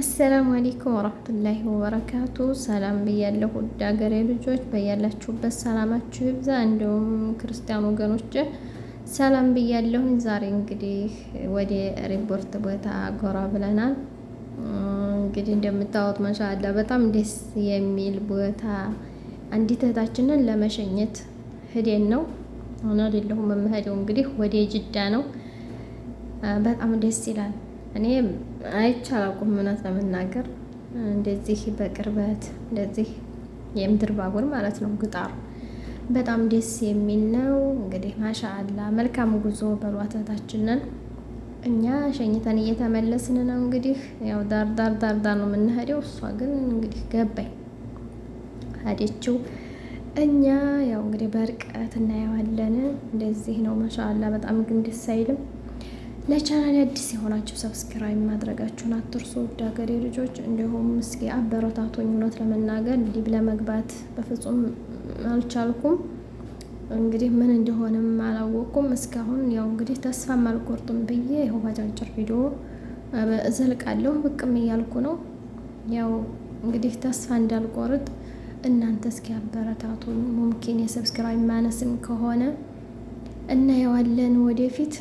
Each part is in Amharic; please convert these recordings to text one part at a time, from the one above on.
አሰላሙ አሌይኩም ወረህመቱላሂ ወበረካቱ። ሰላም ብያለሁ ውድ ሀገሬ ልጆች በያላችሁበት ሰላማችሁ ይብዛ። እንዲሁም ክርስቲያን ወገኖች ሰላም ብያለሁ ዛሬ እንግዲህ ወደ ሪፖርት ቦታ ጎራ ብለናል። እንግዲህ እንደምታወት ማሻአላ በጣም ደስ የሚል ቦታ አንዲት እህታችንን ለመሸኘት ሂደን ነው ሆነ አይደለሁም የምሄደው እንግዲህ ወደ ጅዳ ነው። በጣም ደስ ይላል። እኔ አይቼ አላውቅም። እውነት ለመናገር እንደዚህ በቅርበት እንደዚህ የምድር ባቡር ማለት ነው ግጣሩ በጣም ደስ የሚል ነው። እንግዲህ ማሻአላ መልካም ጉዞ በሏታታችንን እኛ ሸኝተን እየተመለስን ነው። እንግዲህ ያው ዳር ዳር ዳር ዳር ነው የምንሄደው። እሷ ግን እንግዲህ ገባኝ ሄደችው። እኛ ያው እንግዲህ በርቀት እናየዋለን። እንደዚህ ነው ማሻአላ በጣም ግን ደስ አይልም። ለቻናል አዲስ የሆናችሁ ሰብስክራይብ ማድረጋችሁን አትርሱ። ውድ ሀገሬ ልጆች እንዲሁም እስኪ አበረታቶኝ እውነት ለመናገር ሊብ ለመግባት በፍጹም አልቻልኩም። እንግዲህ ምን እንደሆነም አላወቅኩም። እስካሁን ያው እንግዲህ ተስፋም አልቆርጥም ብዬ ይኸው ባጫጭር ቪዲዮ እዘልቃለሁ ብቅም እያልኩ ነው። ያው እንግዲህ ተስፋ እንዳልቆርጥ እናንተ እስኪ አበረታቱን። ሙምኪን የሰብስክራይብ ማነስም ከሆነ እናየዋለን ወደፊት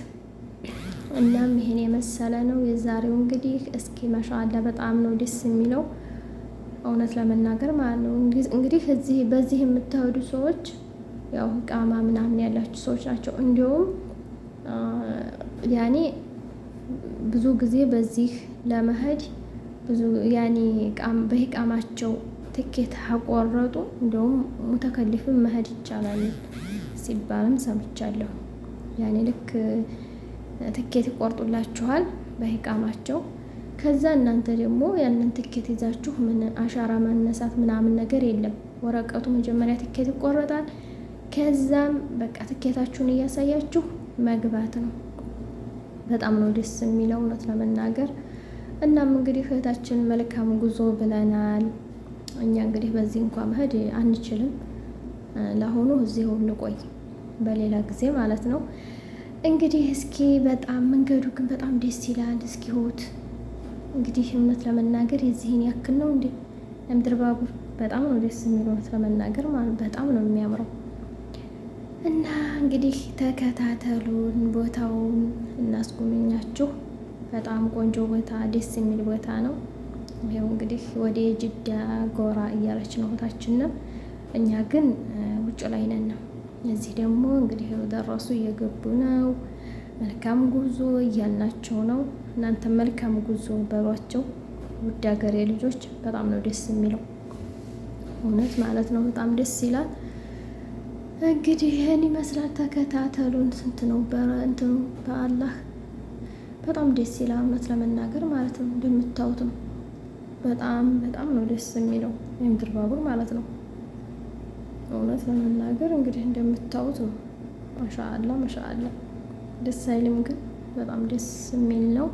እናም ይሄን የመሰለ ነው የዛሬው እንግዲህ። እስኪ መሻአላ በጣም ነው ደስ የሚለው እውነት ለመናገር ማለት ነው። እንግዲህ እዚህ በዚህ የምትሄዱ ሰዎች ያው ህቃማ ምናምን ያላችሁ ሰዎች ናቸው። እንዲሁም ያኔ ብዙ ጊዜ በዚህ ለመሄድ ብዙ ያኔ በህቃማቸው ትኬት አቆረጡ። እንደውም ሙተከልፍም መሄድ ይቻላል ሲባልም ሰምቻለሁ። ያኔ ልክ ትኬት ይቆርጡላችኋል በሂቃማቸው። ከዛ እናንተ ደግሞ ያንን ትኬት ይዛችሁ ምን አሻራ ማነሳት ምናምን ነገር የለም። ወረቀቱ መጀመሪያ ትኬት ይቆረጣል። ከዛም በቃ ትኬታችሁን እያሳያችሁ መግባት ነው። በጣም ነው ደስ የሚለው እውነት ለመናገር። እናም እንግዲህ እህታችን መልካም ጉዞ ብለናል። እኛ እንግዲህ በዚህ እንኳ መሄድ አንችልም። ለአሁኑ ሁን ቆይ፣ በሌላ ጊዜ ማለት ነው። እንግዲህ እስኪ በጣም መንገዱ ግን በጣም ደስ ይላል። እስኪ ሆት እንግዲህ እውነት ለመናገር የዚህን ያክል ነው እንዴ ለምድር ባቡር በጣም ነው ደስ የሚል እውነት ለመናገር ማለት በጣም ነው የሚያምረው። እና እንግዲህ ተከታተሉን፣ ቦታውን እናስጎመኛችሁ። በጣም ቆንጆ ቦታ፣ ደስ የሚል ቦታ ነው። ይኸው እንግዲህ ወደ ጅዳ ጎራ እያለች ነው ቦታችን ነው። እኛ ግን ውጭ ላይ ነን ነው እዚህ ደግሞ እንግዲህ ደረሱ እየገቡ ነው። መልካም ጉዞ እያልናቸው ነው። እናንተ መልካም ጉዞ በሏቸው። ውድ ሀገሬ ልጆች በጣም ነው ደስ የሚለው እውነት ማለት ነው። በጣም ደስ ይላል። እንግዲህ ይህን ይመስላል። ተከታተሉን። ስንት ነው በእንትኑ በአላህ በጣም ደስ ይላል። እውነት ለመናገር ማለት ነው እንደምታዩት ነው። በጣም በጣም ነው ደስ የሚለው የምድር ባቡር ማለት ነው። እውነት ለመናገር እንግዲህ እንደምታዩት ነው። ማሻአላ ማሻአላ ደስ አይልም? ግን በጣም ደስ የሚል ነው።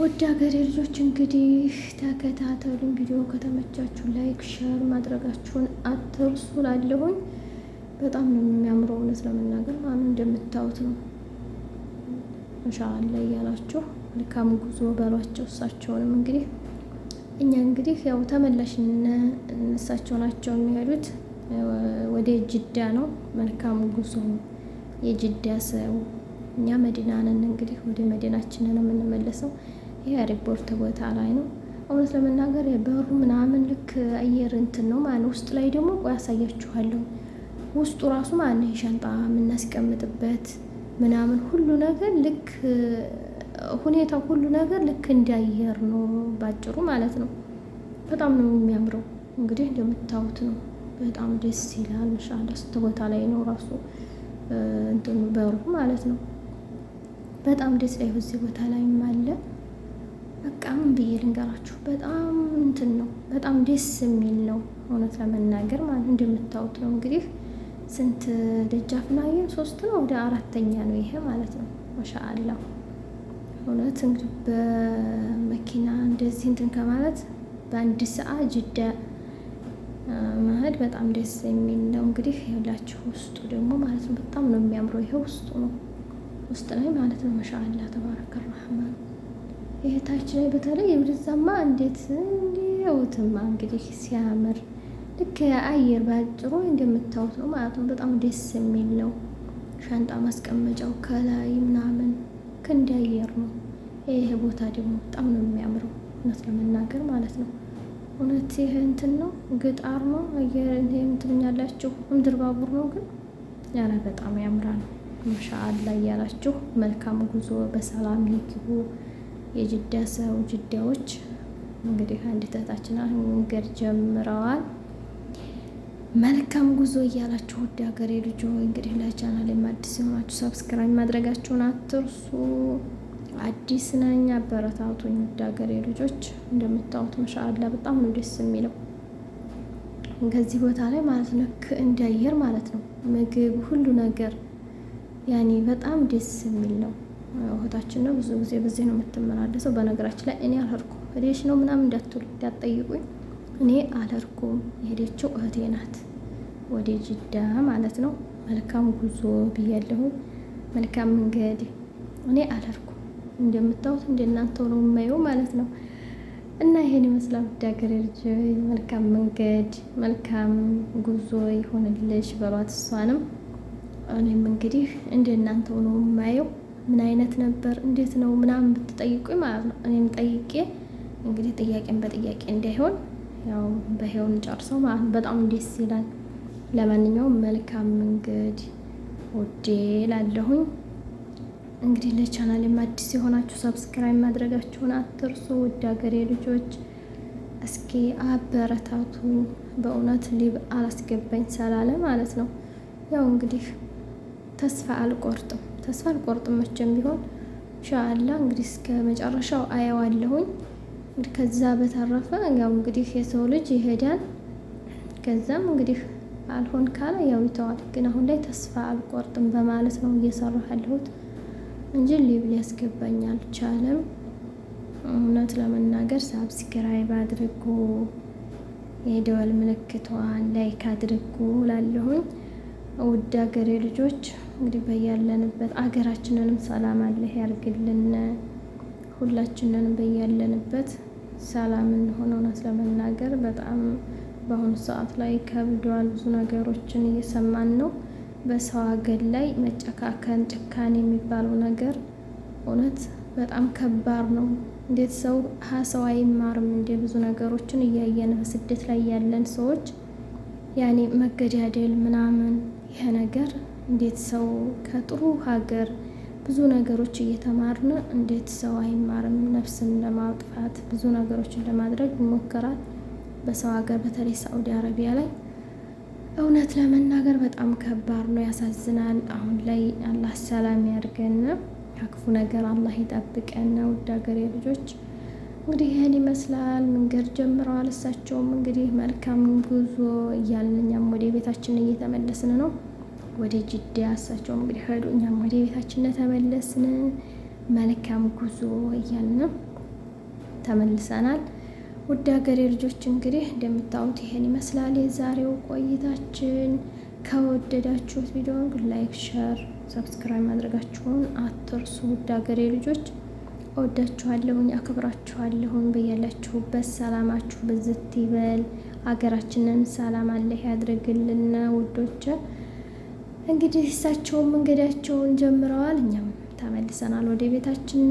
ወድ ሀገሬ ልጆች እንግዲህ ተከታተሉን። ቪዲዮ ከተመቻችሁ ላይክ፣ ሸር ማድረጋችሁን አትርሱ። ላለሁኝ በጣም ነው የሚያምረው እውነት ለመናገር ማኑ እንደምታዩት ነው። ማሻአላ እያላችሁ መልካም ጉዞ በሏቸው። እሳቸውንም እንግዲህ እኛ እንግዲህ ያው ተመላሽ እነሳቸው ናቸው የሚሄዱት ወደ ጅዳ ነው። መልካም ጉዞ የጅዳ ሰው። እኛ ነን፣ እንግዲህ ወደ መዲናችን ነው የምንመለሰው። ይህ ሪፖርት ቦታ ላይ ነው። እውነት ለመናገር በሩ ምናምን ልክ አየር እንትን ነው ማለት ውስጥ ላይ ደግሞ ቆይ ያሳያችኋለሁ። ውስጡ ራሱ ማለት ነው የሻንጣ የምናስቀምጥበት ምናምን ሁሉ ነገር ልክ ሁኔታው ሁሉ ነገር ልክ እንደ ነው ባጭሩ ማለት ነው። በጣም ነው የሚያምረው። እንግዲህ እንደምታዩት ነው። በጣም ደስ ይላል። ማሻአላ ስንት ቦታ ላይ ነው ራሱ እንትኑ በሩ ማለት ነው። በጣም ደስ ላይ እዚህ ቦታ ላይ አለ። በቃ ምን ብዬ ልንገራችሁ፣ በጣም እንትን ነው፣ በጣም ደስ የሚል ነው እውነት ለመናገር ማለት እንደምታዩት ነው እንግዲህ ስንት ደጃፍ ናየን? ሶስት ነው ወደ አራተኛ ነው ይሄ ማለት ነው። ማሻአላ እውነት እንግዲህ በመኪና እንደዚህ እንትን ከማለት በአንድ ሰዓት ጅዳ መሄድ በጣም ደስ የሚል ነው። እንግዲህ ያላችሁ ውስጡ ደግሞ ማለት ነው በጣም ነው የሚያምረው። ይሄ ውስጡ ነው ውስጥ ላይ ማለት ነው። ማሻአላ ተባረከ ራህማን። ይሄ ታች ላይ በተለይ የብዛማ እንዴት እንዲውትማ እንግዲህ ሲያምር ልክ አየር ባጭሩ እንደምታዩት ነው ማለት ነው። በጣም ደስ የሚል ነው። ሻንጣ ማስቀመጫው ከላይ ምናምን ከእንደ አየር ነው። ይሄ ቦታ ደግሞ በጣም ነው የሚያምረው እውነት ለመናገር ማለት ነው። እውነት ይህ እንትን ነው፣ ግጣር ነው። አየር የምትሉኛላችሁ ምድር ባቡር ነው። ግን ያረ በጣም ያምራል። ማሻአላ እያላችሁ መልካም ጉዞ፣ በሰላም ይግቡ የጅዳ ሰው ጅዳዎች። እንግዲህ አንዲት እህታችን መንገድ ጀምረዋል። መልካም ጉዞ እያላችሁ ውድ ሀገሬ ልጆ እንግዲህ ለቻናል የማዲስ የሆናችሁ ሰብስክራይብ ማድረጋችሁን አትርሱ። አዲስ ነኝ፣ አበረታቱኝ። ውድ ሀገሬ ልጆች እንደምታዩት መሻአላ በጣም ነው ደስ የሚለው ከዚህ ቦታ ላይ ማለት ነው። እንደ እንዳየር ማለት ነው ምግብ፣ ሁሉ ነገር ያኔ በጣም ደስ የሚል ነው። እህታችን ነው ብዙ ጊዜ በዚህ ነው የምትመላለሰው። በነገራችን ላይ እኔ አልሄድኩም ሄደሽ ነው ምናምን እንዳትሉ እንዳትጠይቁኝ፣ እኔ አልሄድኩም። የሄደችው እህቴ ናት ወደ ጅዳ ማለት ነው። መልካም ጉዞ ብያለሁ። መልካም መንገድ። እኔ አልሄድኩም። እንደምታዩት እንደናንተ ነው የማየው ማለት ነው። እና ይሄን ይመስላል ውድ ልጅ መልካም መንገድ መልካም ጉዞ ይሆንልሽ በሏት። እሷንም እኔም እንግዲህ እንደናንተ ነው የማየው ምን አይነት ነበር እንዴት ነው ምናምን ብትጠይቁ ማለት ነው። እኔም ጠይቄ እንግዲህ ጥያቄን በጥያቄ እንዳይሆን ያው በሄውን ጨርሰው ማለት ነው። በጣም ደስ ይላል። ለማንኛውም መልካም መንገድ ውዴ ላለሁኝ እንግዲህ ለቻናሌም አዲስ የሆናችሁ ሰብስክራይብ ማድረጋችሁን አትርሱ። ውድ ሀገሬ ልጆች እስኪ አበረታቱ። በእውነት ሊብ አላስገባኝ ሰላለ ማለት ነው። ያው እንግዲህ ተስፋ አልቆርጥም፣ ተስፋ አልቆርጥም መቼም ቢሆን ሻአላ እንግዲህ እስከ መጨረሻው አየዋለሁኝ። እንግዲህ ከዛ በተረፈ ያው እንግዲህ የሰው ልጅ ይሄዳል፣ ከዛም እንግዲህ አልሆን ካለ ያው ይተዋል። ግን አሁን ላይ ተስፋ አልቆርጥም በማለት ነው እየሰራሁ ያለሁት። እንጂ ሌብል ያስገባኝ አልቻለም። እውነት ለመናገር ሳብስክራይብ አድርጉ፣ የደወል ምልክቷን ላይክ አድርጉ ላለሁኝ ውድ ሀገሬ ልጆች እንግዲህ በያለንበት አገራችንንም ሰላም አለህ ያርግልን። ሁላችንንም በያለንበት ሰላም እንሆን። እውነት ለመናገር በጣም በአሁኑ ሰዓት ላይ ከብዷል። ብዙ ነገሮችን እየሰማን ነው። በሰው ሀገር ላይ መጨካከን ጭካኔ የሚባለው ነገር እውነት በጣም ከባድ ነው። እንዴት ሰው ሀ ሰው አይማርም እንደ ብዙ ነገሮችን እያየን በስደት ላይ ያለን ሰዎች ያኔ መገዳደል ምናምን ይሄ ነገር እንዴት ሰው ከጥሩ ሀገር ብዙ ነገሮች እየተማርን እንዴት ሰው አይማርም? ነፍስን ለማጥፋት ብዙ ነገሮችን ለማድረግ ይሞከራል። በሰው ሀገር በተለይ ሳዑዲ አረቢያ ላይ እውነት ለመናገር በጣም ከባድ ነው፣ ያሳዝናል። አሁን ላይ አላህ ሰላም ያድርገን፣ ከክፉ ነገር አላህ ይጠብቀን። ውድ ሀገሬ ልጆች እንግዲህ ይህን ይመስላል። መንገድ ጀምረዋል። እሳቸውም እንግዲህ መልካም ጉዞ እያልን እኛም ወደ ቤታችን እየተመለስን ነው፣ ወደ ጅዳ። እሳቸውም እንግዲህ ሄዱ፣ እኛም ወደ ቤታችን ተመለስን። መልካም ጉዞ እያልን ተመልሰናል። ውድ ሀገሬ ልጆች እንግዲህ እንደምታዩት ይሄን ይመስላል የዛሬው ቆይታችን። ከወደዳችሁት ቪዲዮን ላይክ፣ ሸር፣ ሰብስክራይብ ማድረጋችሁን አትርሱ። ውድ ሀገሬ ልጆች እወዳችኋለሁኝ፣ አክብራችኋለሁኝ። በያላችሁበት ሰላማችሁ ብዝት ይበል። ሀገራችንን ሰላም አለ ያድርግልና ውዶች። እንግዲህ እሳቸውም መንገዳቸውን ጀምረዋል፣ እኛም ተመልሰናል ወደ ቤታችን።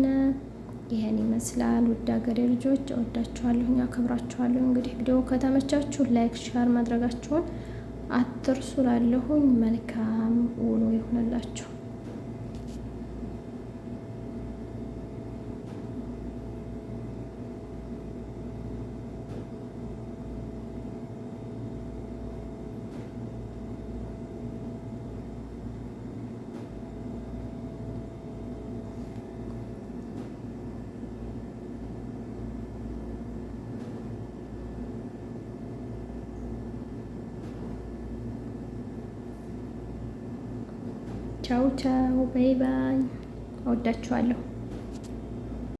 ይህን ይመስላል። ውድ ሀገሬ ልጆች እወዳችኋለሁኝ፣ አከብራችኋለሁ። እንግዲህ ቪዲዮ ከተመቻችሁ ላይክ፣ ሼር ማድረጋችሁን አትርሱ። ላለሁኝ መልካም ውሎ ይሆንላችሁ። ቻው ቻው፣ ባይ ባይ። እወዳችኋለሁ።